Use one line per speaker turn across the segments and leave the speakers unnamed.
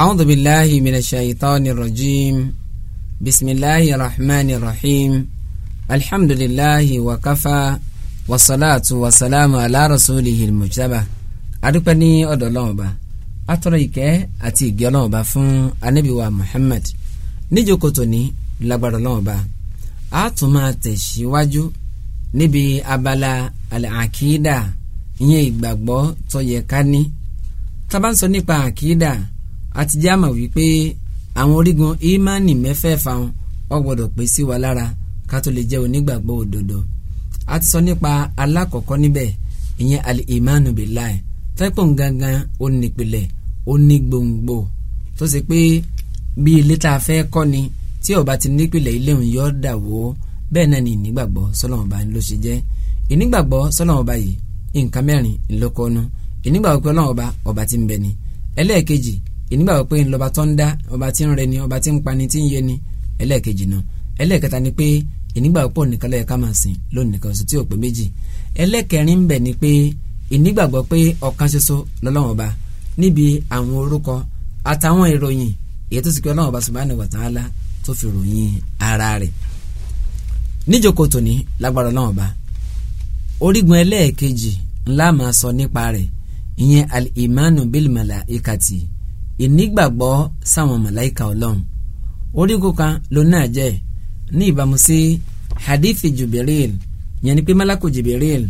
أعوذ بالله من الشيطان الرجيم بسم الله الرحمن الرحيم الحمد لله وكفى والصلاة والسلام على رسوله المجتبى adúpẹ́ ní ọ̀dọ̀ ọlọ́run ọba atọ́rọ ìkẹ́ àti ìgẹ́ ọlọ́run ọba fún anábìwá Muhammad níjókòó tòní lágbára ọlọ́run ọba a tún máa tẹ̀síwájú níbi abala àkìídà ìyẹn ìgbàgbọ́ tó yẹ ká ní tá bá ń sọ nípa àkìídà àti jáàmà wípé àwọn orígun ìmánì mẹ́fẹ̀ẹ̀fà wọn ó gbọ́dọ̀ pé sí wa lára ká tó lè jẹ́ onígbàgbọ́ òdodo a ti sọ nípa alákọ̀ọ́kọ́ níbẹ̀ ìyẹn al-imanu billahi tẹ́pọ̀ gangan onípìlẹ̀ onígbòǹgbò tó ṣe pé bí ilé tá a fẹ́ kọ́ ni tí ó bá ti nípìlẹ̀ ilé òun yọ dà wó bẹ́ẹ̀ náà ni ìnígbàgbọ́ sọ́lọ́run ọba ló ṣe jẹ́ ìnígbàgbọ́ sọ́lọ́run ọba yìí nǹkan mẹ́rin ńlọkọ́nu ìnígbàgbọ́ pé ọlọ́run ọba ọba ti ń bẹ ni ẹlẹ́ẹ̀kejì ìnígbà wípé ńlọba tó ń dá ọba tí ń rẹni ọba tí ń pani tí ń yẹni ẹlẹ́ẹ̀kejì náà ẹlẹ́ẹ̀kẹta ni pé ìnígbà pọ̀ nìkan lẹ́yìn ká máa sìn lónìí nìkan oṣù tí ò pé méjì ẹlẹ́ẹ̀kẹrin ń bẹ ni pé ìnígbàgbọ́ pé ọ̀kan ṣoṣo lọ́lọ́wọ́n ọba níbi àwọn orúkọ àtàwọn ìròyìn èyí tó sì pé ọlọ́wọ́n ọba subhanahu wa ta'ala tó fi ròyìn ara rẹ̀ níjókòó tòní lágbára ọlọ́wọ́n ìnígbàgbọ́ sáwọn màláìka ọlọ́run orí kóka ló náà jẹ́ ní ìbámu sí hadithi jubril yẹn ni pé malako jubril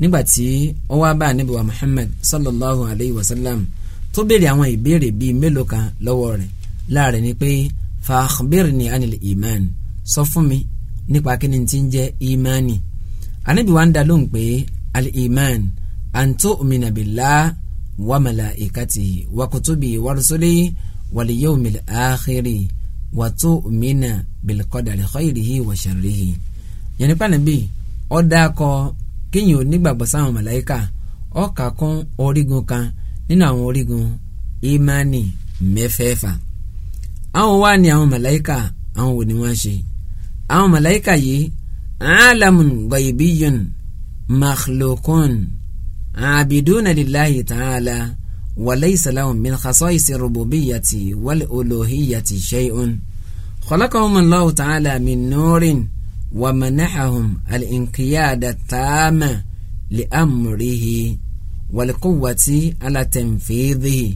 nígbàtí ó wá bá ànábì wa muhammad sallallahu alayhi wa sallam tó béèrè àwọn ìbéèrè bíi mélòó kan lọ́wọ́ rẹ̀ láàrin ni pé fa akhbirni anil iman sọ fún mi nípa kíni tí ń jẹ́ imani ànábì wa ń dá lóhùn pé al iman an tu'mina billah wa malaikatihi wa kutubihi wa rusulihi wal yawmil akhiri wa tu'mina bil qadari khayrihi wa sharrihi. yẹn nípa níbí ó dákọ kéèyàn onígbàgbọ́ sáwọn màláíkà ó kà kún orígun kan nínú àwọn orígun ìmánì mẹ́fẹ̀ẹ̀fà àwọn wá ní àwọn màláíkà àwọn wò ni wọ́n ṣe àwọn màláíkà yìí alamun ghaibiyun makhlukun عابدون لله تعالى وليس لهم من خصائص الربوبية والألوهية شيء خلقهم الله تعالى من نور ومنحهم الانقياد التام لأمره والقوة على تنفيذه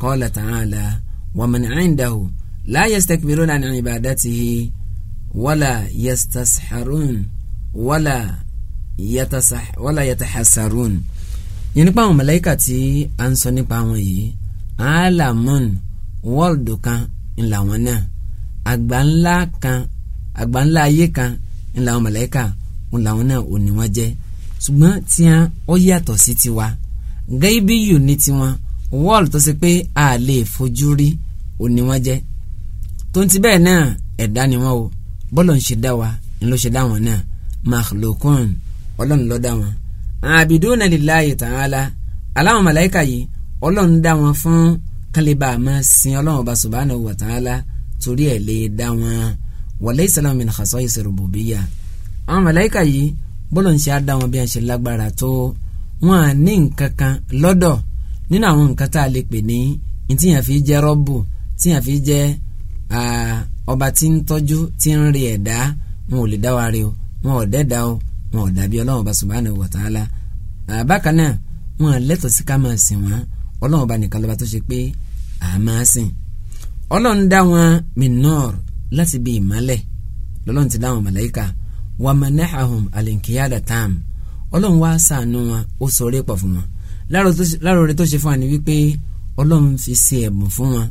قال تعالى ومن عنده لا يستكبرون عن عبادته ولا يستسحرون ولا يتسح ولا يتحسرون yẹn nípa àwọn màláíkà tí a ń sọ nípa àwọn yìí alamun wọ́ọ̀dù kan ńlá wọn náà àgbà ńlá kan àgbà ńlá ayé kan ńlá àwọn màláíkà ńlá wọn náà ò ní wọn jẹ́ ṣùgbọ́n tí ó yàtọ̀ sí tiwa gẹ́bíyù ní tiwọn wọ́ọ̀lù tó ṣe pé a lè fojú rí ò ní wọn jẹ́ tó ń ti bẹ́ẹ̀ náà ẹ̀dá ni wọ́n o bọ́lọ̀ ń ṣe dá wa ń lọ ṣe dá wọn náà makhlukun ọlọ́run ló dá wọn abiduna lillahi ta'ala aláwọn màláìka yìí ọlọ́run dá wọn fún kálíbà àmọ́ sin ọlọ́run ọba subhanahu wa ta'ala torí ẹ̀ lè dá wọn walaysa lahum min khasa'is rububiyyah àwọn màláìka yìí bọ́lọ̀ ń ṣe àdá wọn bí a ṣe lágbára tó wọn à ní nǹkan kan lọ́dọ̀ nínú àwọn nǹkan tá a lè pè ní tí fi jẹ́ rọ́bù tí fi jẹ́ ọba tí ń tọ́jú tí ń rí ẹ̀dá wọn ò lè dá wa rí o wọn ò dẹ́dá o wọn ò dàbí ọlọ́run ọba subhanahu wa ta'ala bákan náà wọn lẹ́tọ̀ọ́ sí ká máa sìn wọn ọlọ́run ọba nìkan lọ́ba tó ṣe pé à máa sìn ọlọ́run dá wọn minor láti bí ìmọ́lẹ̀ lọ́lọ́run ti dá wọn màláíkà wa manahahum alinkiyada tam ọlọ́run wá ṣàánú wọn ó sọ̀rọ̀ pọ̀ fún wọn láàrọ̀ rẹ tó ṣe fún wa ni wípé ọlọ́run fi ṣe ẹ̀bùn fún wọn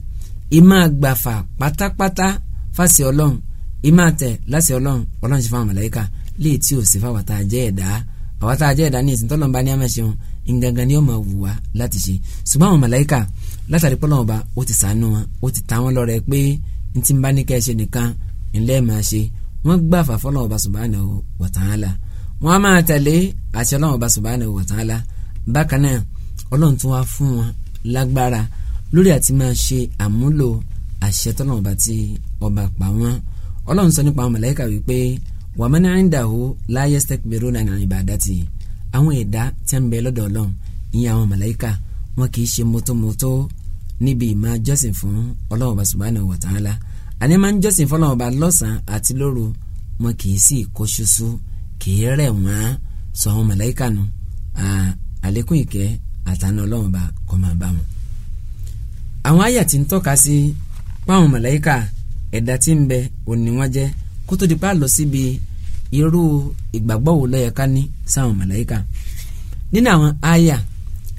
ìmọ̀ àgbàfà pátápátá fásì ọlọ́run ìmọ̀ àtẹ̀ láti ọlọ́run ọlọ́run ṣe fún wa màláíkà léè tí ò sí fáwọn tá jẹ́ ẹ̀dá àwọn jẹ́ ẹ̀dá ní ìsìn tọ́lọ́ ní àmẹ́sẹ̀ wọn ni ó máa wù wá láti ṣe ṣùgbọ́n àwọn màláìka látàrí pọ́lọ́wọ́n bá ó ti sànú wọn ó ti ta wọn lọ́rẹ pé n ti bá ní kẹ́ ẹ ṣe nìkan ńlẹ́ máa ṣe wọ́n gbà fà fọ́lọ́wọ́n bá subhanahu wa ta'ala wọ́n á máa tẹ̀lé àṣẹ ọlọ́wọ́n bá subhanahu wa ta'ala bákan náà ọlọ́run tún wa man indahu la yastakbiruna an ibadati àwọn ẹ̀dá tí a ń bẹ lọ́dọ̀ ọlọ́run ìyẹn àwọn màláíkà wọn kì í ṣe mọ́tòmọ́tò níbi ìmọ̀ jọ́sìn fún ọlọ́run ọba subhanahu wa ta'ala àní máa ń jọ́sìn fún ọlọ́run ọba lọ́sàn-án àti lóru wọn kì í sì kó ṣoṣo kì í rẹ̀ wọ́n sọ àwọn màláíkà nu àlékún ìkẹ́ àtànà ọlọ́run ọba kọ́ máa bá wọn. àwọn àyà tí ń tọ́ka sí páwọn màláíkà ẹ̀dá tí ń bẹ òní wọ́n jẹ́ kó tó di pa lọ síbi irú ìgbàgbọ́ wo lọ́yẹ ká ní sáwọn màláíkà nínú àwọn àyà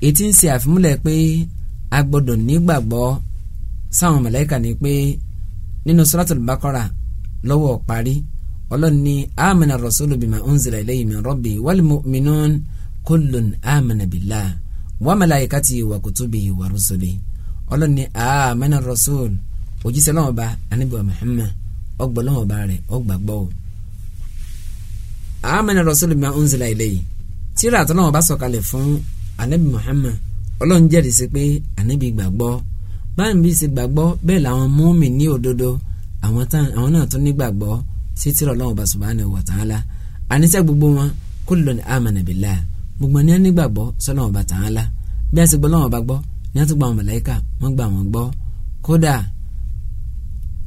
ètí ń ṣe àfimúlẹ̀ pé a gbọ́dọ̀ nígbàgbọ́ sáwọn màláíkà ni pé nínú suratul Baqara lọ́wọ́ parí ọlọ́ni amana rasulu bima unzila ilayhi min rabbi wal mu'minun kullun amana billah wa malaikati wa kutubihi wa rusulihi ọlọ́ni amana rasul òjíṣẹ́ lọ́wọ́ bá anábìwá Muhammad ọgbọ lọ́wọ́ bá rẹ̀ ọgbà gbọ́ o. amana rasulu ma unzila ilayhi tíra àtọ́nà bá sọ̀kalẹ̀ fún anabi muhammad ọlọ́run jẹ́rìí sí pé anabi gbàgbọ́ báyìí bí ṣe gbàgbọ́ bẹ́ẹ̀ làwọn múmi ní òdodo àwọn náà tún ní gbàgbọ́ sí tíra ọlọ́run bá subhanahu wa ta'ala àníṣẹ́ gbogbo wọn kullun amana billah gbogbo ní ẹni gbàgbọ́ sọ́nà ọba ta'ala bí a ṣe gbọ́ lọ́wọ́ ọba gbọ́ ní a tún gba àwọn kódà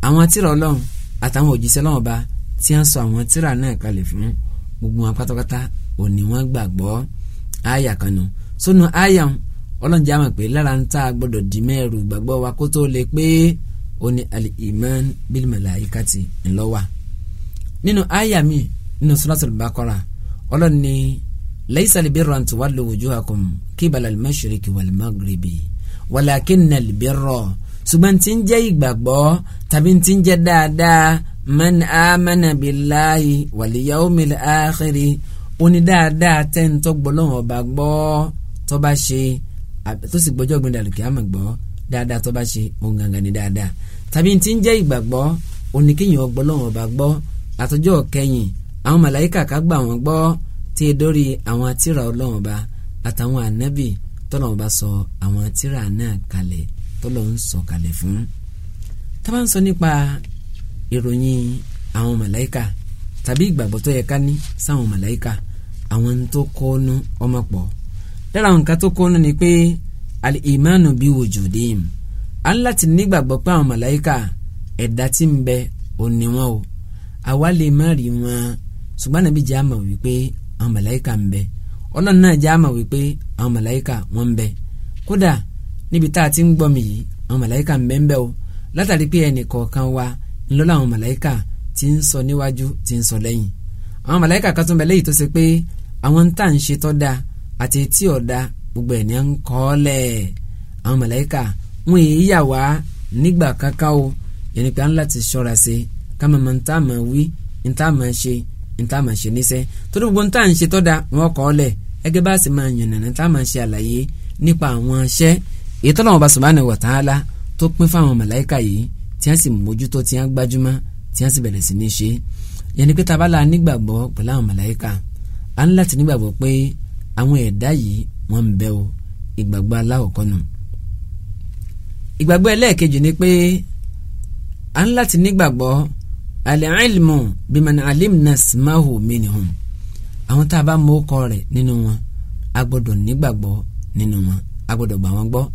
àwọn tíra ọlọ́run àtàwọn òjíṣẹ́ náà ọba tí wọ́n sọ àwọn tírà náà kalẹ̀ fún gbogbo wọn pátápátá òní wọ́n gbàgbọ́ àyà kan nù sónù àyà ọlọ́run jẹ́ àmọ̀ pé lára ń tá a gbọ́dọ̀ di mẹ́rù gbàgbọ́ wa kó tó lè pé òní al-iman bil malaikati ńlọ́wà nínú àyà mi nínú suratul Baqara ọlọ́run ní laysa al-birra an tuwallu wujuhakum qibala al-mashriqi wal-maghribi walakinna al-birra ṣùgbọ́n tí ń jẹ́ ìgbàgbọ́ tàbí tí ń jẹ́ dáadáa man amana billahi wal yawmil akhiri oní dáadáa tẹ́ǹtọ́ gbọ́lọ́wọ́n ọba gbọ́ tó bá ṣe tó sì gbọ́jọ́ gbin dàlùkì àmọ̀ gbọ́ dáadáa tó bá ṣe òun gangan ni dáadáa tàbí tí ń jẹ́ ìgbàgbọ́ oní kéèyàn gbọ́lọ́wọ́n ọba gbọ́ àtọ́jọ́ kẹ́yìn àwọn màláyíkà ká gbà wọ́n gbọ́ tí e dórí àwọn àtìrà ọlọ́wọ́n ọba àtàwọn ànábì tọ́lọ́wọ́n ọba sọ àwọn àtìrà náà kalẹ̀ tọ́lọ̀ ń sọ̀kalẹ̀ fún tábà ń sọ nípa ìròyìn àwọn màláìka tàbí ìgbàgbọ́ tó yẹ ká ní sáwọn màláìka àwọn tó kọ́nu ọmọ pọ̀ lára àwọn nǹkan tó kọ́nu ni pé al-imanu bi wujudihim à ń láti nígbàgbọ́ pé àwọn màláìka ẹ̀dá tí ń bẹ òní wọn o àwa lè má rí wọn ṣùgbọ́n nàbí jẹ́ àmọ̀ wípé àwọn màláìka ń bẹ ọlọ́run náà jẹ́ àmọ̀ wípé àwọn màláìka wọ́n ń bẹ kódà níbi tá a ti ń gbọ́mi yìí àwọn màláìka mbẹ́mbẹ́ o látàrí pé ẹnì kọ̀ọ̀kan wa ńlọ́lọ́ àwọn màláìka ti ń sọ níwájú ti ń sọ lẹ́yìn àwọn màláìka kan tún bẹ léyìí tó ṣe pé àwọn tá à ń ṣe tọ́da àti tí ọ̀dà gbogbo ẹ̀ ní à ń kọ́ lẹ̀ àwọn màláìka wọn èyí yà wá nígbà kankan o yẹn ni pé à ń ṣọ́ra ṣe ká máa máa ń wí ń tá ṣe ń tá ṣe níṣẹ́ torí gbogbo ń à ń ṣe tọ́da wọn kọ́ lẹ̀ ẹgẹ́ bá sì máa yànnàná tá máa ṣe àlàyé nípa àwọn aṣẹ́ èyí tọ́lọ́wọ́n bá subhanahu wa ta'ala tó pín fáwọn màláìka yìí tí wọ́n sì mójútó tí wọ́n gbájúmọ́ tí wọ́n sì bẹ̀rẹ̀ sí ní ṣe yẹn pé tá la nígbàgbọ́ pẹ̀lú àwọn màláìka à ń láti nígbàgbọ́ pé àwọn ẹ̀dá yìí wọ́n ń bẹ o ìgbàgbọ́ aláwọ̀kọ́ nù ìgbàgbọ́ ẹlẹ́ẹ̀kejì ni pé à ń láti nígbàgbọ́ al-ilmu biman alimna ismahu minhum àwọn tá a bá mọ̀ ọkọ rẹ̀ nínú wọn a gbọ́dọ̀ nígbàgbọ́ nínú wọn a gbà wọ́n gbọ́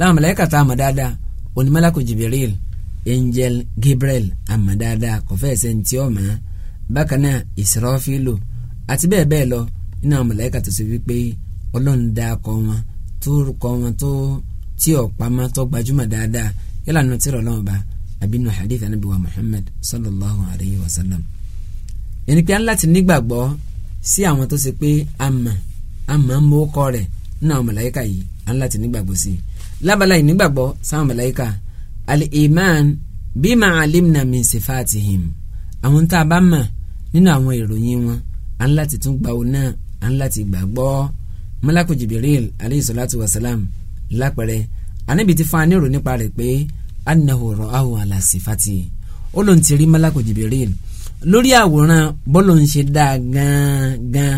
láwọn màláíkà tá a mọ̀ dáadáa onímọ̀lákù Jibril angel Gabriel àmọ̀ dáadáa kò fẹ́ ẹ̀sẹ̀ ntí ọ̀mọ́ bákan náà Israfilu àti bẹ́ẹ̀ bẹ́ẹ̀ lọ nínú àwọn màláíkà tó ṣe wípé ọlọ́run dá kọ́ wọn tó kọ́ wọn tó tí ọ̀pá máa tó gbajúmọ̀ dáadáa yálà nínú tírà ọlọ́run ọba àbínú hadith anabi wa Muhammad sallallahu alayhi wa sallam ẹni pé aláti nígbàgbọ́ sí àwọn tó ṣe pé àmà àmà ń mú kọ́ rẹ̀ nínú àwọn màláíkà yìí aláti nígbàgbọ́ sí i lábala ìnígbàgbọ́ sáwọn màláíkà al-iman bima alimna min sifatihim àwọn tá a bá mà nínú àwọn ìròyìn wọn à ń láti tún gbà wọn náà à ń láti gbàgbọ́ malaku jibril aleyhi salatu wa salam lápẹ̀rẹ̀ anabi ti fún anírò nípa rẹ̀ pé annahu ra'ahu ala sifati ó lóun ti rí malaku jibril lórí àwòrán bọ́lọ̀ ń ṣe dáa gan-an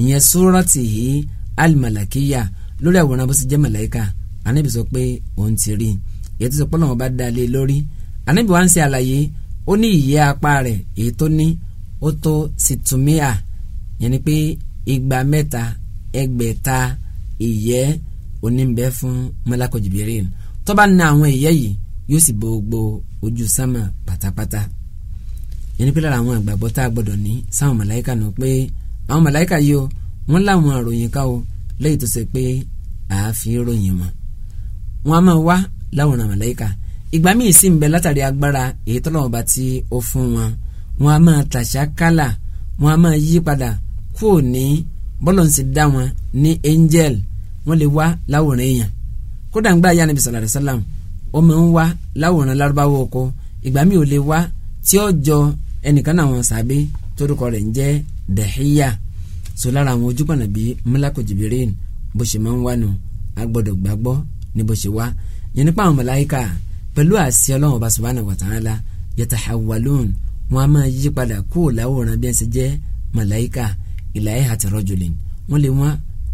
ìyẹn súrọ́tì yìí alimalakiya lórí àwòrán bó ṣe jẹ́ màláíkà anabi sọ pé òun ti rí èyí tó sọ pé ọlọ́run bá dá lé lórí anabi wá ń ṣe àlàyé ó ní ìyẹ́ apá rẹ̀ èyí tó ní ó tó situmia yẹn ni pé igba mẹ́ta ẹgbẹ̀ta ìyẹ́ oníbẹ̀ fún mọ́lákọ̀ jìbìrín tó na àwọn ìyẹ́ yìí yóò sì bo gbogbo ojú sámà pátápátá yẹn ni pé lára àwọn àgbàgbọ́ tá a gbọ́dọ̀ ní sáwọn màláìka nù pé àwọn màláìka yìí o wọ́n láwọn àròyìn ká o lẹ́yìn tó ṣe pé àáfi ròyìn wọn wọn a máa wá láwọn màláíkà ìgbà míì sì ń bẹ látàrí agbára èyí tọ́lọ́wọ́n bá ti ó fún wọn wọn a máa tàṣà kálà wọn a máa yí padà kúò ní bọ́lọ̀ ń sì dá wọn ní angel wọn lè wá láwòrán èèyàn kódà ń gbà yá níbi sàlàrì sàlám ó máa ń wá láwòrán lárúbáwò oko ìgbà míì ò lè wá tí ó jọ ẹnìkan náà wọn sàbí torúkọ rẹ̀ ń jẹ́ dàhíyà so lára àwọn ojúbọ̀nà ní bó ṣe wá yẹn nípa àwọn màláíkà pẹ̀lú àṣẹ ọlọ́run ọba subhanahu wa ta'ala yatahawwalun wọn a máa yí padà kú láwòrán bí ẹ ṣe jẹ́ màláíkà ilaihati rajulin wọ́n lè wọ́n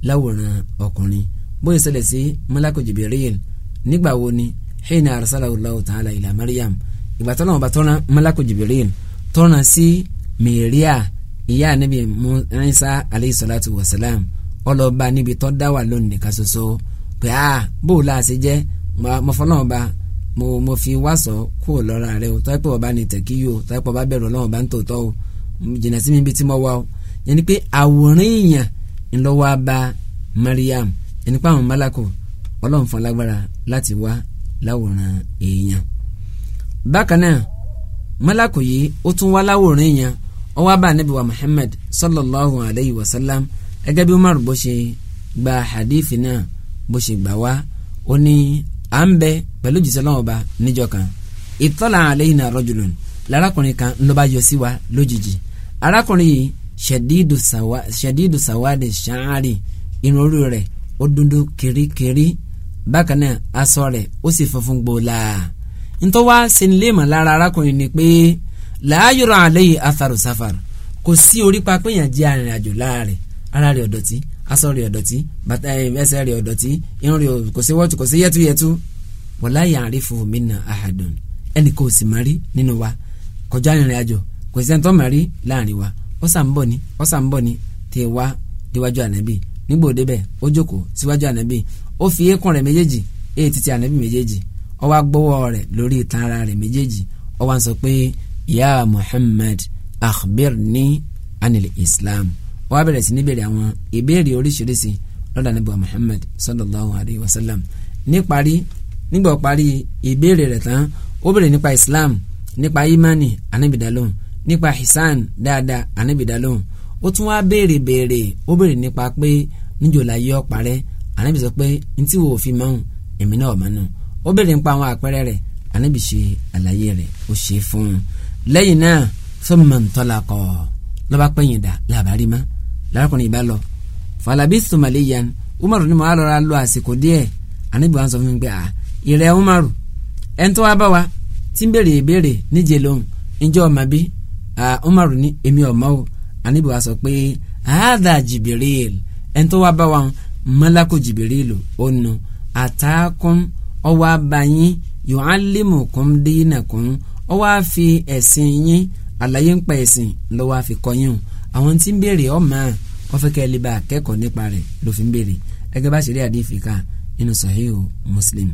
láwòrán ọkùnrin bóyá ṣẹlẹ̀ sí malaku Jibril nígbà wo ni hina arsalahu Allahu ta'ala ila Maryam ìgbà tó náà ọba tọ́ran malaku Jibril tọ́ran sí Maria ìyá salatu wa salam ọlọ́ba níbi tó dá wà pé a bó o láà ṣe jẹ́ mo fọ́ náà mo mo fi wá sọ kó o lọ́ra rẹ o tọ́ pé ọba ní tẹ̀kí yìí o tọ́ pé ọba bẹ̀rù ọlọ́run ọba ń tòótọ́ o jìnnà sí mi bí tí mo wá o yẹn ni pé àwòrán èèyàn ńlọ́wọ́ bá Mariam yẹn ni pé àwọn malako ọlọ́run fún lágbára láti wá láwòrán èèyàn bákan náà malako yìí ó tún wá láwòrán èèyàn ó wá bá anabi wa Muhammad sallallahu alayhi wa sallam ẹgẹ́ bí Umar bó ṣe gba hadith náà bó ṣe gbà wá ó ní à ń bẹ pẹ̀lú jìṣẹ́ lọ́wọ́ ba níjọ́ kan ìtọ́lá àlẹ́yìn rajulun lárakùnrin kan ló bá yọ sí wa lójijì arákùnrin yìí ṣẹ̀dídù sàwá ṣẹ̀dídù sàwádì ṣáárì irun orí rẹ̀ ó dúdú kirikiri bákan náà aṣọ rẹ̀ ó sì funfun gbòòlà ntọ́ wá senilémọ̀ lára arákùnrin ni pé làáyọ̀rọ̀ àlẹ́yìn atharu safar kò sí orí pa jẹ́ arìnrìnàjò láàrin ara rẹ̀ ọ̀dọ̀tí aṣọ rẹ̀ ọ̀dọ̀tí bàtà ẹsẹ̀ rẹ̀ ọ̀dọ̀tí irun rẹ̀ kò sí wọ́ọ̀tù kò sí yẹ́túyẹ́tú wala ya'rifu minna ahadun ẹnì kò sì máa rí nínú wa kọjá ìrìn àjò kò sí ẹni tó máa láàrin wa ó sà bọ̀ ni ó sà ń bọ̀ ni tẹ̀ wá déwájú ànábì nígbà òde bẹ́ẹ̀ ó jókòó síwájú ànábì ó fi eékún rẹ̀ méjèèjì èyí títí ànábì méjèèjì ó wá gbọ́wọ́ rẹ̀ lórí ìtàn ara rẹ̀ méjèèjì ó wá sọ pé ya Muhammad ni anil Islam wàá bẹ̀rẹ̀ sí ní bèrè àwọn ìbéèrè oríṣiríṣi lọ́dà níbo Muhammad sallallahu alayhi wa sallam níparí nígbà parí ìbéèrè rẹ̀ tán ó bèrè nípa Islam nípa imani anabidalon nípa hisan dáadáa anabidalon ó tún wá béèrè béèrè ó béèrè nípa pé níjò la yọ parẹ́ anabi sọ pé ntí wo òfin mọ́ èmi náà mọ́ nù ó béèrè nípa àwọn àpẹẹrẹ rẹ̀ anabi ṣe àlàyé rẹ̀ ó ṣe fún un lẹ́yìn náà fún mi mọ̀ ntọ́lá kọ́ lọ́ba pẹ́yìn dà làbárí mọ́ lárakùnrin ìbá lọ falabistu maliyan umaru ni mo á lọ́ra lọ àsìkò díẹ̀ àníbi wa ń sọ fún mi pé umaru bá wa tí ń ìbéèrè lóhùn ǹjẹ́ ọmọ bí umaru èmi ọmọ o wa sọ pé àádà jìbìrìl bá wa mọ́lákò jìbìrìl ònu àtàkùn ọwọ́ abayín dínàkún ọwọ́ àfi àwọn tí ń béèrè ọmọ wọn fẹ́ kẹ́ ẹ lè bá akẹ́kọ̀ọ́ nípa rẹ̀ ló fi ń béèrè ẹgẹ́ bá ṣe rí àdín nínú Sahihu Muslim.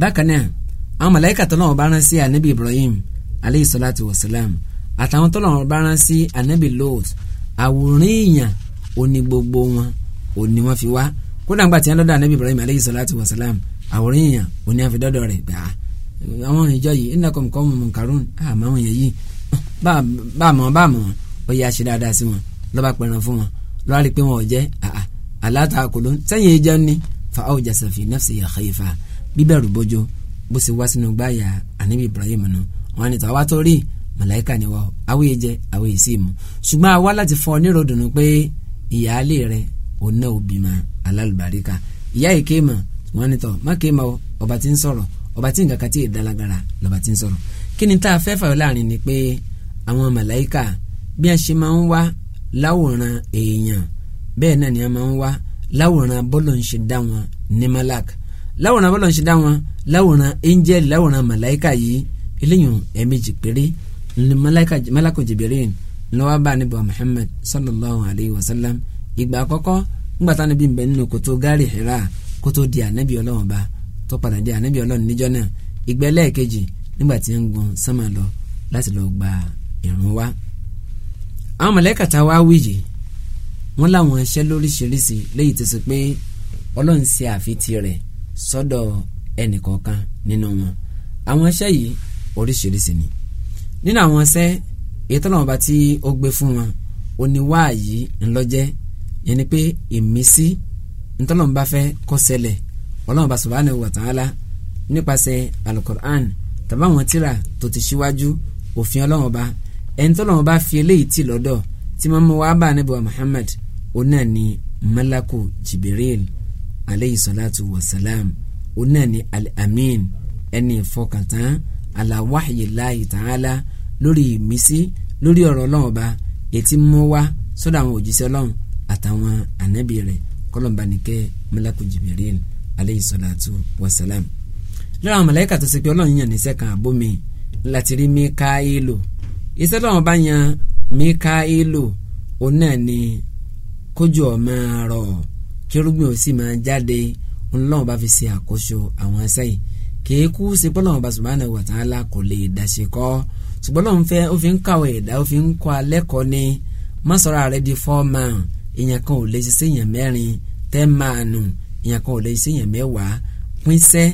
bákan náà àwọn màláíkà tọ́lọ́run bá rán sí anabi Ibrahim aleyhi salatu wa salam àtàwọn tọ́lọ́run bá rán sí anabi Lot àwòrán èèyàn òní gbogbo wọn òní wọn fi wá kódà ńgbà tí wọn lọ́dọ̀ anabi Ibrahim aleyhi salatu wa salam àwòrán èèyàn òní àfi dọ́dọ̀ rẹ̀ gbà àwọn ìjọ yìí innakum qawmun munkarun àmọ́ àwọn èèyàn yìí báàmọ̀ báàmọ̀ ó yẹ àṣẹ dáadáa sí wọn lọ́ba pẹ̀ràn fún wọn lọ́ba rí i pé wọn ò jẹ́ àlàtà kòló sẹ́yìn ìjọ ni fa awja safi nafsi ya khaifa bíbẹ̀rù bójó bó ṣe wá sínú gbáyà ànábì Ibrahim nù wọn ni tàwa tó rí màláìka ni wọ́n awéye jẹ awéye sí mu ṣùgbọ́n àwa láti fọ oníròdùnú pé ìyáálé rẹ òun náà ò bímọ alálùbáríkà ìyá ìkéèmọ̀ wọn ni tọ́ má kéèmọ̀ ọba kí ni tá a fẹ́ fàyọ láàrin ni pé àwọn màláìkà bí a ṣe máa ń wá láwòrán èèyàn bẹ́ẹ̀ náà ni a máa ń wá láwòrán bọ́lọ̀ ń ṣe dá wọn ní malak láwòrán bọ́lọ̀ ń ṣe dá wọn láwòrán angel láwòrán màláìkà yìí eléyìí ẹ̀ẹ̀mejì péré ní malakọ̀ jìbìrín lọ́wọ́ bá níbi Muhammad sallallahu alayhi wa sallam ìgbà àkọ́kọ́ ńgbàtà níbi ń bẹ nínú kòtò gárì Hira kótó di ànábì ọlọ́run ba tó padà di ànábì ọlọ́run níjọ́ náà ìgbẹ́lẹ́ nígbà tí ń gun sánmà lọ láti lọ gba ìrun wá. àwọn mọ̀lẹ́kà tá a wá wí yìí wọ́n láwọn iṣẹ́ lóríṣiríṣi léyìí tó sọ pé ọlọ́run ṣe àfitì rẹ̀ sọ́dọ̀ ẹnìkọ̀ọ̀kan nínú wọn àwọn iṣẹ́ yìí oríṣiríṣi ni nínú àwọn iṣẹ́ èyí tó lọ́wọ́ bá tí ó gbé fún wọn oníwáàyí ńlọ́jẹ́ yẹn ni pé ìmísí ntọ́lọ́mbà fẹ́ kó ṣẹlẹ̀ ọlọ́run bá subhanahu wa ta'ala nípasẹ̀ tàbá àwọn tíra tó ti ṣíwájú òfin ọlọ́run ọba ẹni tó lọ́run ọba fi eléyìí tì lọ́dọ̀ tí máa mú wá bá níbo Muhammad onáà ní malaku Jibril aleyhi salatu wa salam al-amin ẹni ìfọkàntán alawahi láàyè tààlà lórí ìmísí lórí ọ̀rọ̀ ọlọ́run ọba ètí mú wá sọ́dọ̀ àwọn òjíṣẹ́ ọlọ́run àtàwọn ànábì rẹ̀ kọ́lọ́mbà nìkẹ́ malaku Jibril aleyhi salatu wa lọ́rọ̀ àwọn mọ̀lẹ́kà tó ṣe pé ọlọ́run yàn níṣẹ́ kan àbó mi láti rí Míkáílò iṣẹ́ lọ́wọ́n bá yan Míkáílò òun náà ni kójú ọ̀ máa rọ̀ kérúgbìn ò sì máa jáde ńlọ́wọ́n bá fi ṣe àkóso àwọn ẹsẹ̀ yìí kìí kú sí bọ́lọ́wọ́n bá subhanahu wa ta'ala kò lè dàṣe kọ́ ṣùgbọ́n lọ́wọ́n fẹ́ ó fi ń kàwé ẹ̀dá ó fi ń kọ́ alẹ́kọ̀ọ́ ni mọ́sọ̀rọ̀ ààrẹ di fọ́ọ̀mà èèyàn kan ò lè ṣiṣẹ́ èèyàn mẹ́rin tẹ́ẹ̀mánu èèyàn kan ò lè ṣiṣẹ́ èèyàn mẹ́wàá pínṣẹ́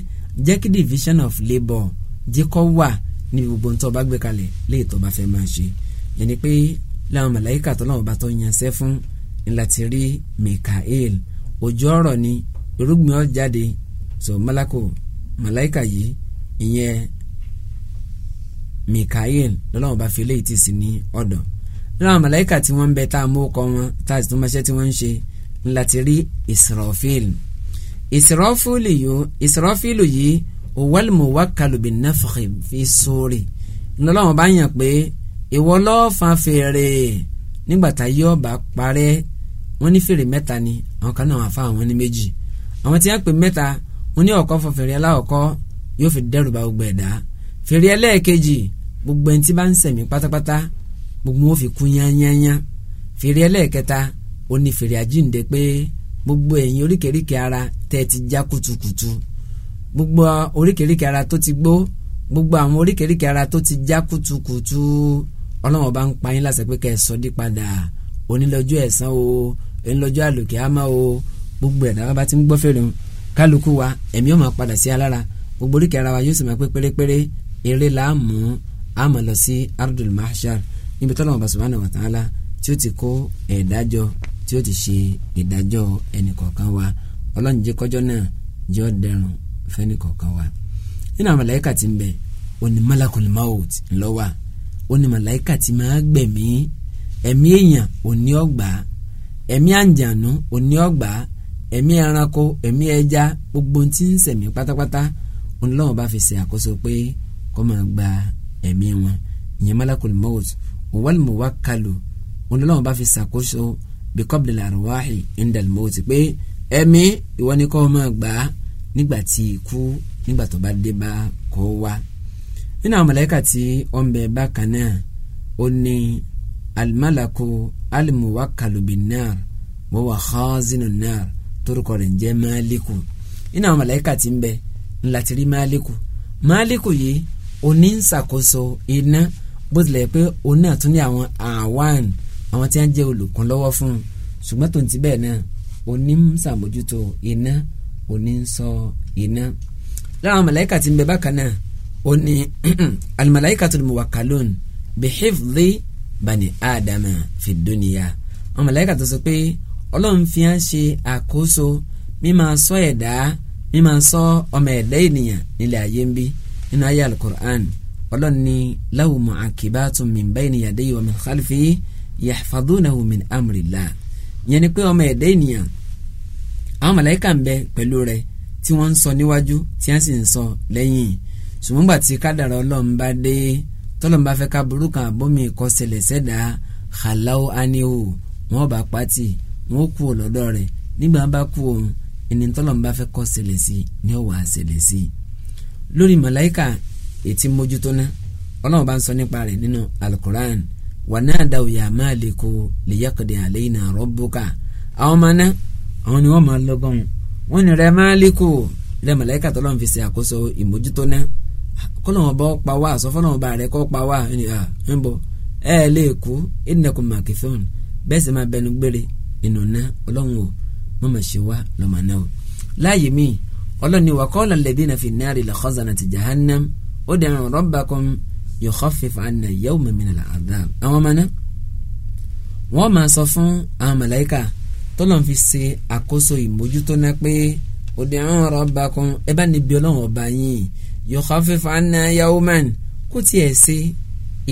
jẹ́ kí division of labour jẹ́ kó wà níbi gbogbo ntọ́ bá gbé kalẹ̀ léyìí tó bá fẹ́ máa ṣe yẹn ni pé láwọn màláíkà tó láwọn bá tó yanṣẹ́ fún ńlá ti rí Mikael ojú ọ̀rọ̀ ni irúgbìn ọ̀jáde so malako màláíkà yìí ìyẹn Mikael lọ́lọ́wọ́n bá fi léyìí tì sí ní ọ̀dọ̀ láwọn màláíkà tí wọ́n ń bẹ tá a mú kọ́ wọn tá a sì tún máṣẹ́ tí wọ́n ń ṣe ńlá ti rí Israfil ìsirọ́fìlù yìí ìsirọ́fìlù yìí òwòl muwakkalu bin nafkhi fi sóòrì ńlọ́wọ́n bá yàn pé ìwọ lọ́ọ́ fa fèrè nígbàtá yóò bá parẹ́ wọ́n ní fèrè mẹ́ta ni àwọn kan náà wà fún àwọn ní méjì àwọn tí wọ́n pè mẹ́ta wọ́n ní ọ̀kọ́ fọ fèrè aláwọ̀kọ́ yóò fi dẹ́rù bà gbogbo ẹ̀dá fèrè ẹlẹ́ẹ̀kejì gbogbo ẹni tí bá ń sẹ̀mí pátápátá gbogbo wọn fi kú yányányá fèrè ẹlẹ́ẹ̀kẹta ó fèrè àjíǹde pé gbogbo ẹ̀yìn oríkèéríkèé ara tẹ́ ti já kutukutu gbogbo oríkèéríkèé ara tó ti gbó gbogbo àwọn oríkèéríkèé ara tó ti já kutukutu ọlọ́run ọba ń pa yín láṣẹ pé kẹ́ ẹ sọ dí padà onílọ́jọ́ ẹ̀san o onílọ́jọ́ àlòkè àmà o gbogbo ẹ̀dá bá ti ń gbọ́ fèrè kálukú wa ẹ̀mí ó máa padà sí alára gbogbo oríkèé ara wa yóò sì máa pé pérépéré eré là á mú á máa lọ sí ardul mahshar níbi tọ́lọ́run ọba subhanahu wa ta'ala tí ó ti ṣe ìdájọ́ ẹnìkọ̀ọ̀kan wa ọlọ́run jẹ́ kọjọ́ náà jẹ́ ọ̀dẹ́rùn fẹ́nìkọ̀ọ̀kan wa nínú àwọn màláíkà tí ń bẹ oní malakul maut ńlọ́wà oní màláíkà tí máa gbẹ̀mí ẹ̀mí èèyàn oní ọgbà ẹ̀mí àǹjànú oní ọgbà ẹ̀mí ẹranko ẹ̀mí ẹja gbogbo tí ń sẹ̀mí pátápátá ọlọ́run bá fi ṣe àkóso pé kó máa gba ẹ̀mí wọn ìyẹn malakul maut wal muwakkalu ọlọ́run bá fi ṣàkóso bí kọ́bìlì àrùwáhì indalmọ́tì pé ẹ̀mí ìwọ ni kọ́ máa gbà á nígbà tí ikú nígbà tó bá dé bá kọ́ wa. nínú àwọn mọ̀lẹ́kà tí ó ń bẹ bákan náà ó ní alimálàkó alimuwakalubinnar wọ́n wà xaazinu náà torúkọ rẹ̀ ń jẹ́ máàlíkù nínú àwọn mọ̀lẹ́kà tí ń bẹ ńlá ti rí máàlíkù máàlíkù yìí oníṣàkóso iná bó tilẹ̀ pé oní àtúndì àwọn àwọn àwọn tí wọ́n jẹ́ olùkúnlọ́wọ́ fún un ṣùgbọ́n tó ń ti bẹ́ẹ̀ náà òní ń ṣàmójútó iná òní ń sọ iná. láwọn màláíkà tí ń bẹ bákan náà òní al-malaikatul muwakkalun bihifdhi bani adama fi dunya àwọn màláíkà tó sọ pé ọlọ́run fi hàn ṣe àkóso mímá sọ ẹ̀dá mímá sọ ọmọ ẹ̀dá ènìyàn nílẹ̀ ayé ń bí nínú ayé al-Qur'an ọlọ́run ní lahu mu'aqibatun min bayni yadayhi wa min khalfihi yahfadunahu min amrillah yẹn ni pé ọmọ ẹ̀dá ènìyàn àwọn màláíkà ń bẹ pẹ̀lú rẹ̀ tí wọ́n ń sọ níwájú tí wọ́n sì ń sọ lẹ́yìn ṣùgbọ́n gbà tí kádàrá ọlọ́run bá dé tọ́lọ́run bá fẹ́ ká burú kan àbómi ìkọsẹ̀lẹ̀ sẹ́dá hàláwó áníhù wọ́n bá pàtì wọ́n kú lọ́dọ̀ rẹ̀ nígbà bá kú òun ẹni tọ́lọ́run bá fẹ́ kọsẹ̀lẹ̀ sí ni ó wà á sí. lórí màláíkà ètí mójútóná ọlọ́run bá ń sọ nípa rẹ̀ nínú alukur'an wanadaw ya maliku liyaqdi alayna rabbuka àwọn ọmọ náà àwọn ni wọ́n máa lọ́gọ́n wọ́n ní rẹ máàlíkù rẹ màláíkà tó lọ́n fi ṣe àkóso ìmójútó náà kọ́lọ́wọ́n bọ́ pa wá àsọfọ́lọ́wọ́n bá rẹ kọ́ pa wá ń bọ̀ ẹ lè kú ìdínlẹ̀kùn màkìfọ́n bẹ́ẹ̀ sì máa bẹnu gbére inú náà ọlọ́run o má mà ṣe wá lọ́mọ náà o. láàyè mi ọlọ́ni wà kọ́ ọ̀là lẹ́bí náà fi náà rí lọ́kọ́sánà ti jahannam ó dẹ̀ ràn rọ́bà kan yukhaffif anna yawma min al-adhab àwọn ọmọ náà wọ́n máa sọ fún àwọn màláíkà tọ́lọ̀ fi ṣe àkóso ìmójútó náà pé òde àwọn rabbakum ẹ bá níbi ọlọ́run ọba yìí yukhaffif anna yawman kó tiẹ̀ ṣe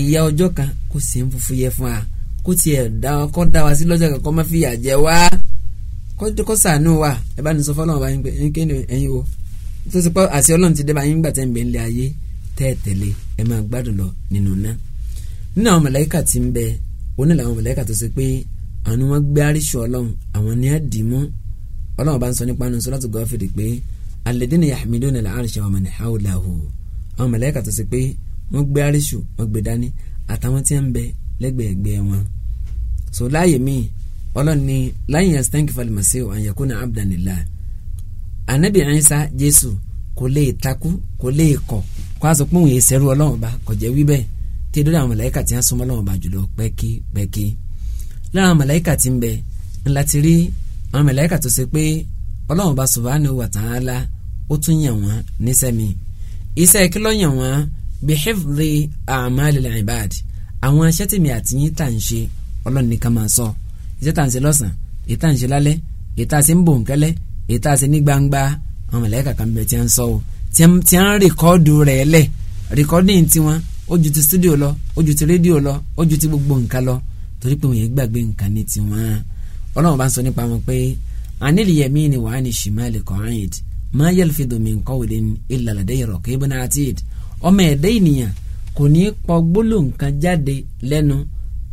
ìyà ọjọ́ kan kó sì ń fufu yẹ fún wa kó tiẹ̀ kọ́ da wa sí lọ́jọ́ kan kó má fi yà wá kó sànú wa ẹ bá ní sọ fọlọ́run ọba yín pé ẹ̀yin kéde ẹ̀yin o tó ti pọ́ àti ọlọ́run ti dé bá yín gbà ń bẹ ń lé ayé tẹ́ẹ̀tẹ̀lé ẹ máa gbádùn lọ nínú náà nínú àwọn màláíkà tí ń bẹ òun náà làwọn màláíkà tó ṣe pé àwọn ni wọ́n gbé àríṣù ọlọ́run àwọn ni á dì í mú ọlọ́run bá ń sọ nípa nínú sọ́lọ́tù gọ́fìrì pé alladhina yahmiluna al-arsha wa man hawlahu àwọn màláíkà tó ṣe pé wọ́n gbé àríṣù wọ́n gbé dání àtàwọn tí ń bẹ lẹ́gbẹ̀ẹ́gbẹ́ wọn. so láàyè mi ọlọ́run ni láyìn yẹn stankin an yakuna abdanillah anabi Isa Jésù kò lè takú kò lè kó a sọ pé òun yẹ sẹ́rù ọlọ́run ọba kò jẹ́ wí bẹ́ẹ̀ tí ẹ dọ́dọ̀ àwọn màláíkà tí wọ́n súnmọ́ ọlọ́run ọba jùlọ pẹ́kípẹ́kí lára àwọn màláíkà tí ń bẹ ńlá ti rí àwọn màláíkà tó ṣe pé ọlọ́run ọba subhanahu wa ta'ala ó tún yàn wọ́n níṣẹ́ mi iṣẹ́ kí ló yàn wọ́n bihifdhi a'malil ibad àwọn iṣẹ́ tèmi àti yín tà ń ṣe ọlọ́run nìkan máa sọ iṣẹ́ tà ń ṣe lọ́sàn-án tí ń rìkọ́dù rẹ̀ lẹ̀ rìkọ́dìn tiwọn ó ju ti studio lọ ó ju ti rédíò lọ ó ju ti gbogbo nǹkan lọ torí pé wọ́n gbàgbé nǹkan ní tiwọn ọlọ́run bá ń sọ nípa wọn pé anil yamini wa ani shimali qaid ma yalfidu min qawlin illa ladayhi raqibun atid ọmọ ẹ̀dá ènìyàn kò ní pọ gbólóhùn kan jáde lẹ́nu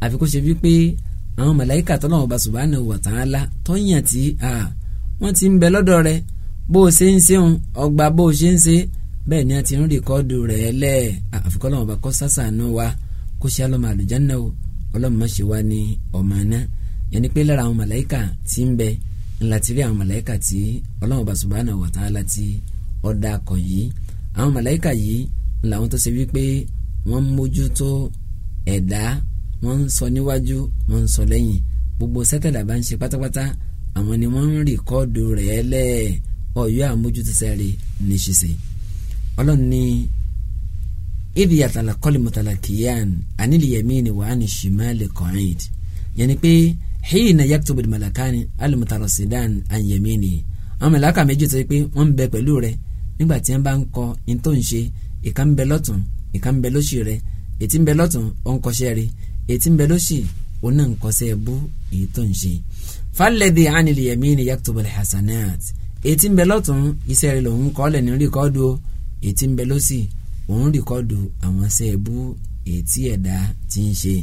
àfi kó ṣe wípé àwọn màláíkà tọ́lọ́run bá subhanahu wa ta'ala tọ́yìn àti wọ́n ti ń bẹ lọ́dọ̀ rẹ̀ bó o ṣe ń ṣeun ọgbà bó o ṣe ń ṣe bẹ́ẹ̀ ni a ti ń rìkọ́dù rẹ̀ lẹ̀ àfikọ́ lọ́wọ́ bá kọ́ sásàánú wa kó ṣe alọ́mọ àlùjáná o ọlọ́mọ má ṣe wá ní ọmọ àná yẹn ni pé lára àwọn màláìkà ti ń bẹ ńlá ti rí àwọn màláìkà tí ọlọ́mọ bá subhanahu wa ta'ala ti ọ̀dà kọ̀ yìí àwọn màláìkà yìí ńlá tó ṣe wípé wọ́n mójútó ẹ̀dá wọ́n ń sọ níwájú wọ́n ń sọ lẹ́yìn gbogbo sẹ́tẹ̀dà bá ń ṣe pátápátá àwọn ni wọ́n ń rìkọ́dù rẹ̀ lẹ́ẹ̀ ọ̀yọ́ àmójútẹ́sẹ̀rí ní ṣíṣe ọlọ́run ní ibi yàtàlà kọ́lì mọ̀tàlà kìíyàn ànílìyẹ̀mí ni wàá ní ṣìmáàlì kọ́ńìd yẹn ni pé hìyìn náà yàtọ̀ bìdì màlàkánì alùmọ̀tàrọ̀ sídàn àyẹ̀mí ni àwọn màlàkà méjì tó yẹ pé wọ́n ń bẹ pẹ̀lú rẹ nígbà tí wọ́n bá ń kọ ní tó ń ṣe ìka ń bẹ lọ́tún ìka ń bẹ lóṣì rẹ ètí ń bẹ lọ́tún ó ń kọṣẹ́ rẹ ètí ń bẹ lóṣì òun náà ń kọṣẹ́ bú èyí ń ṣe. fálẹ́dì ánìlìyẹ̀mí ni yàtọ̀ bìdì hasanat etí ń bẹ lọ́tún iṣẹ́ rẹ̀ lòun kọ́lẹ̀ ní rìkọ́dù etí ń bẹ lọ́sì òun rìkọ́dù àwọn iṣẹ́ ẹ̀bú etí ẹ̀dá ti ń ṣe.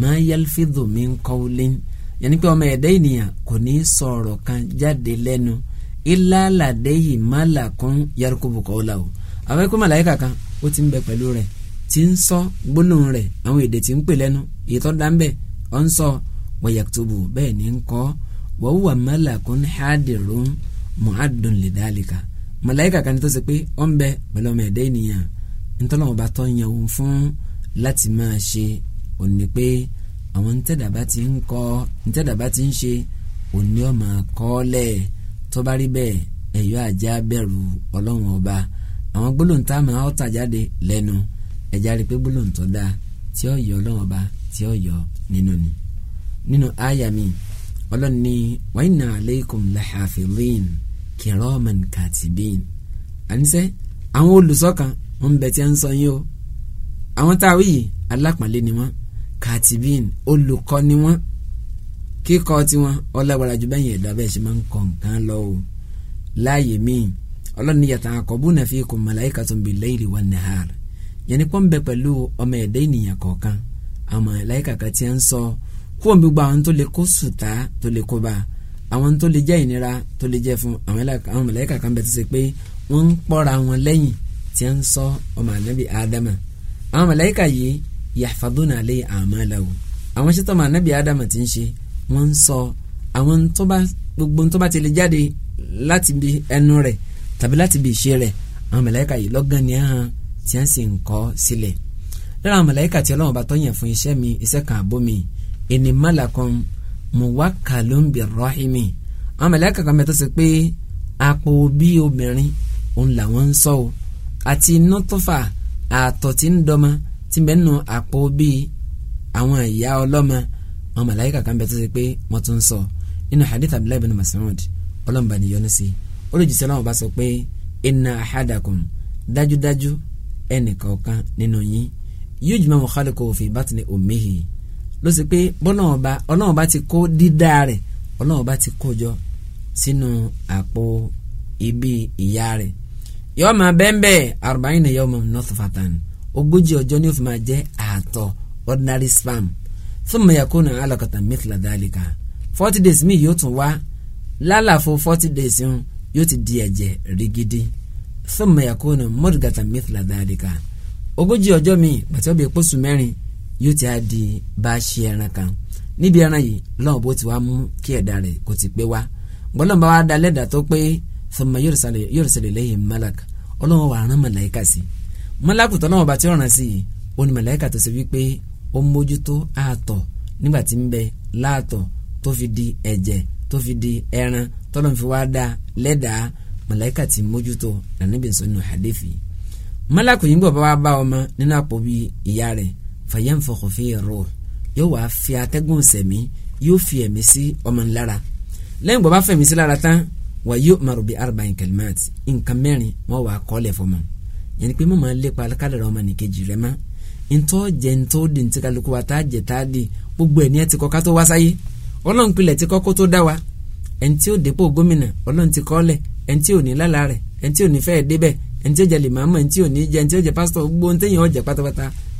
máa yálfídò mi ń kọ́ lé yẹnni pé ọmọ ẹ̀dá ènìyàn kò ní sọ̀rọ̀ kan jáde lẹ́nu ìlàlàdéyì málàkún yarukubu kọ́ọ́lá o àwọn ẹ̀kọ́ màláyíkà kan ó ti ń bẹ pẹ̀lú rẹ̀ ti ń sọ gbólóhùn rẹ̀ àwọn èdè ti ń pè lẹ́nu ìtọ́ dáńbẹ̀ ọ̀ ń sọ wọ̀yàtúbù bẹ́ẹ̀ ni ń kọ́ wọ́wọ́ málàkún hádìrún mu'addun lidhalika màláìkà kan tó ṣe pé ó ń bẹ pẹ̀lú ọmọ ẹ̀dá ènìyàn ntọ́lọ́wọ́n bá tọ́ yan òun fún láti máa ṣe òní pé àwọn ntẹ́dàbá ti ń kọ́ ntẹ́dàbá ti ń ṣe òní ọmọ àkọọ́lẹ̀ tó bá rí bẹ́ẹ̀ ẹ̀yọ́ àjá bẹ̀rù ọlọ́run ọba àwọn gbólóǹtà máa ọ́ tà jáde lẹ́nu ẹ̀já rí pé gbólóǹtà dáa tí ó yọ ọlọ́run ọba tí ó yọ nínú ni nínú àyà mi ọlọ́ni wa inna alaykum lahafidhin kiraman katibin àníṣe àwọn olùsọ́kan wọn bẹ tí a ń sọ yín o àwọn tá a wí yìí alápàlẹ́ ni wọ́n katibin olùkọ́ ni wọ́n kíkọ́ tiwọn ọlágbára ju bẹ́yìn ẹ̀dá bẹ́ẹ̀ ṣe máa ń kọ́ nǹkan lọ o láàyè míì ọlọ́run ní yàtọ̀ àkọ́bù náà fi kò màláìka tó ń bi lẹ́yìnrì wa nahar yẹn ni pọ́n bẹ pẹ̀lú ọmọ ẹ̀dá ènìyàn kọ̀ọ̀kan àwọn màláìka kan ti ń sọ kó omi àwọn tó lè kó sùtá tó lè kó bá a àwọn tó lè jẹ́ ìnira tó lè jẹ́ fún àwọn mọ̀lẹ́kà kan bẹ̀ tó ṣe pé wọ́n ń pọ́ra wọn lẹ́yìn tí a ń sọ ọmọ ànábì ádámà àwọn mọ̀lẹ́kà yìí yàfàdúnà lé àmàlàwò àwọn ṣètò ọmọ ànábì ádámà ti ń ṣe wọ́n ń sọ àwọn tó gbogbo tó ti lè jáde láti bi ẹnu rẹ̀ tàbí láti bi ìṣe rẹ̀ àwọn mọ̀lẹ́kà yìí lọ́gán ni hàn tí a sì ń kọ́ sílẹ̀ lára mi iṣẹ́ kan àbó mi muwakkalun birrahimi rahimi mẹlẹ́kà kan mẹ́tọ́ sí pé apò bí obìnrin òun làwọn ń sọ o àti nọ́tọ́fà àtọ̀ tí ń dọ́mọ tí bẹ́ẹ̀ nù apò bí àwọn ìyá ọlọ́mọ àwọn mẹlẹ́kà kan mẹ́tọ́ sí pé wọ́n tún sọ nínú hadith abdullahi bin Mas'ud ọlọ́mọba nìyọ́nù sí olùjíṣẹ́ náà bá sọ pé inna ahadakum dájúdájú ẹnìkọ̀ọ̀kan nínú yín yujma'u khalquhu fi batni ummihi ló sì pé bọ́nà ọba ọ̀nà ọba ti kó dídá rẹ̀ ọ̀nà ti kó jọ sínú àpò ibi ìyá rẹ̀ yọ máa bẹ́ńbẹ́ àrùbáyìn náà yọ máa north fatan ogójì ọjọ́ ni ó fi máa jẹ́ àtọ̀ ordinary spam fún mayako náà alakata mithla dalika forty days mi yóò tún wá lálàfo forty days yẹn yóò ti di ẹ̀jẹ̀ rigidi fún mayako náà mọ́dùgàtà mithla dalika ogójì ọjọ́ mi bàtí ó bẹ pọ́sù mẹ́rin yóò ti á di bá a ṣe ẹran kan níbi ẹran yìí lọ́wọ́ bó ti wá mú kí ẹ̀dá rẹ̀ kò ti pé wá gbọ́dọ̀ bá wa da lẹ́dà tó pé thumma yursalu ilayhim malak ọlọ́wọ́ wà rán màláìka sí màláìkù tó lọ́wọ́ bá ti rán sí i ó ní màláìka tó ṣe wípé ó mójútó ààtọ̀ nígbà tí ń bẹ láàtọ̀ tó fi di ẹ̀jẹ̀ tó fi di ẹran tọ́lọ́ fi wá da lẹ́dàá màláìka ti mójútó nàníbi sọ́nù hadithi màláìkù yìí ń bọ̀ bá wa bá ọmọ nínú àpò bíi ìyá fàyẹ́nfọ̀kọ̀ fi ruh yóò wá fi atẹ́gùn sẹ̀mí yóò fi ẹ̀mí sí ọmọ ńlára lẹ́yìn bọ́ bá fẹ̀mí sí lára tán wà yóò máa rògbé arba'in kalimat nǹkan mẹ́rin wọ́n wà á kọ́lẹ̀ fọmọ yẹn ni pé mo máa ń lépa kádàrá ọmọ nìkejì rẹ mọ́ ntọ́ jẹ ntọ́ di ntí kálukú wa tá a jẹ tá a di gbogbo ẹ̀ ní ẹ ti kọ́ ká tó wá sáyé ọlọ́run pilẹ̀ ti kọ́ kó tó dá wa ẹni tí ó dépò gómìnà ọlọ́run ti kọ́ lẹ̀ ẹni tí ò ní lálàá rẹ̀ ẹni tí ò ní fẹ́ẹ́ débẹ̀ ẹni tí ó jẹ lè máa mọ̀ ẹni ò ní jẹ ẹni ó jẹ pásítọ̀ gbogbo ntẹ́yìn ọ̀jẹ̀ pátápátá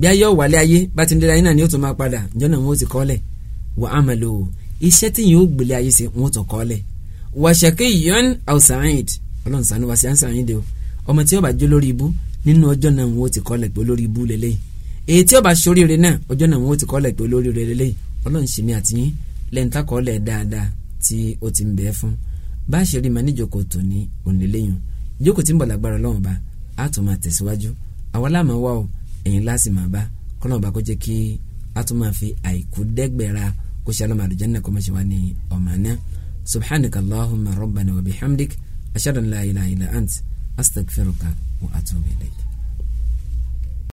bí ayé ọ̀wálé ayé bá ti ń délé ayé náà ni ó tún máa padà ǹjọ́ náà wọ́n ti kọ́lẹ̀ wà á mọ̀ lò ó iṣẹ́ tí yìí ó gbélé ayé ṣe wọ́n tún kọ́lẹ̀ wà ṣèké yọ́n àwùsàáyìd ọlọ́run sànú wá sí àǹsàáyìd o ọmọ tí yóò bá jó lórí ibú nínú ọjọ́ náà wọ́n ti kọ́lẹ̀ pé olórí ibú lélẹ́yìn èyí tí yóò bá ṣoríire náà ọjọ́ náà wọ́n ti kọ́lẹ̀ pé olórí rẹ lélẹ́yìn ọlọ́run ṣèmi àtìyín lẹ́ńtàkọ́lẹ̀ dáadáa tí ó ti ń bẹ́ẹ̀ fún bá a ṣe rí màá níjókòó ní òǹlẹ́lẹ́yìn ìjókòó tí ń bọ̀ lágbára ọlọ́run bá a tún máa tẹ̀síwájú àwọn aláàmọ́ wà o ẹ̀yin láti máa bá kọ́nà ọba kó jẹ́ kí a tún máa fi àìkú dẹ́gbẹ̀ra kó ṣe alọ́màdù jẹ́ nìkan máa ṣe ní ọ̀mà náà subhanaka allahumma rabbana wa bihamdik ashhadu an la ilaha illa ant astaghfiruka wa atubu ilayk.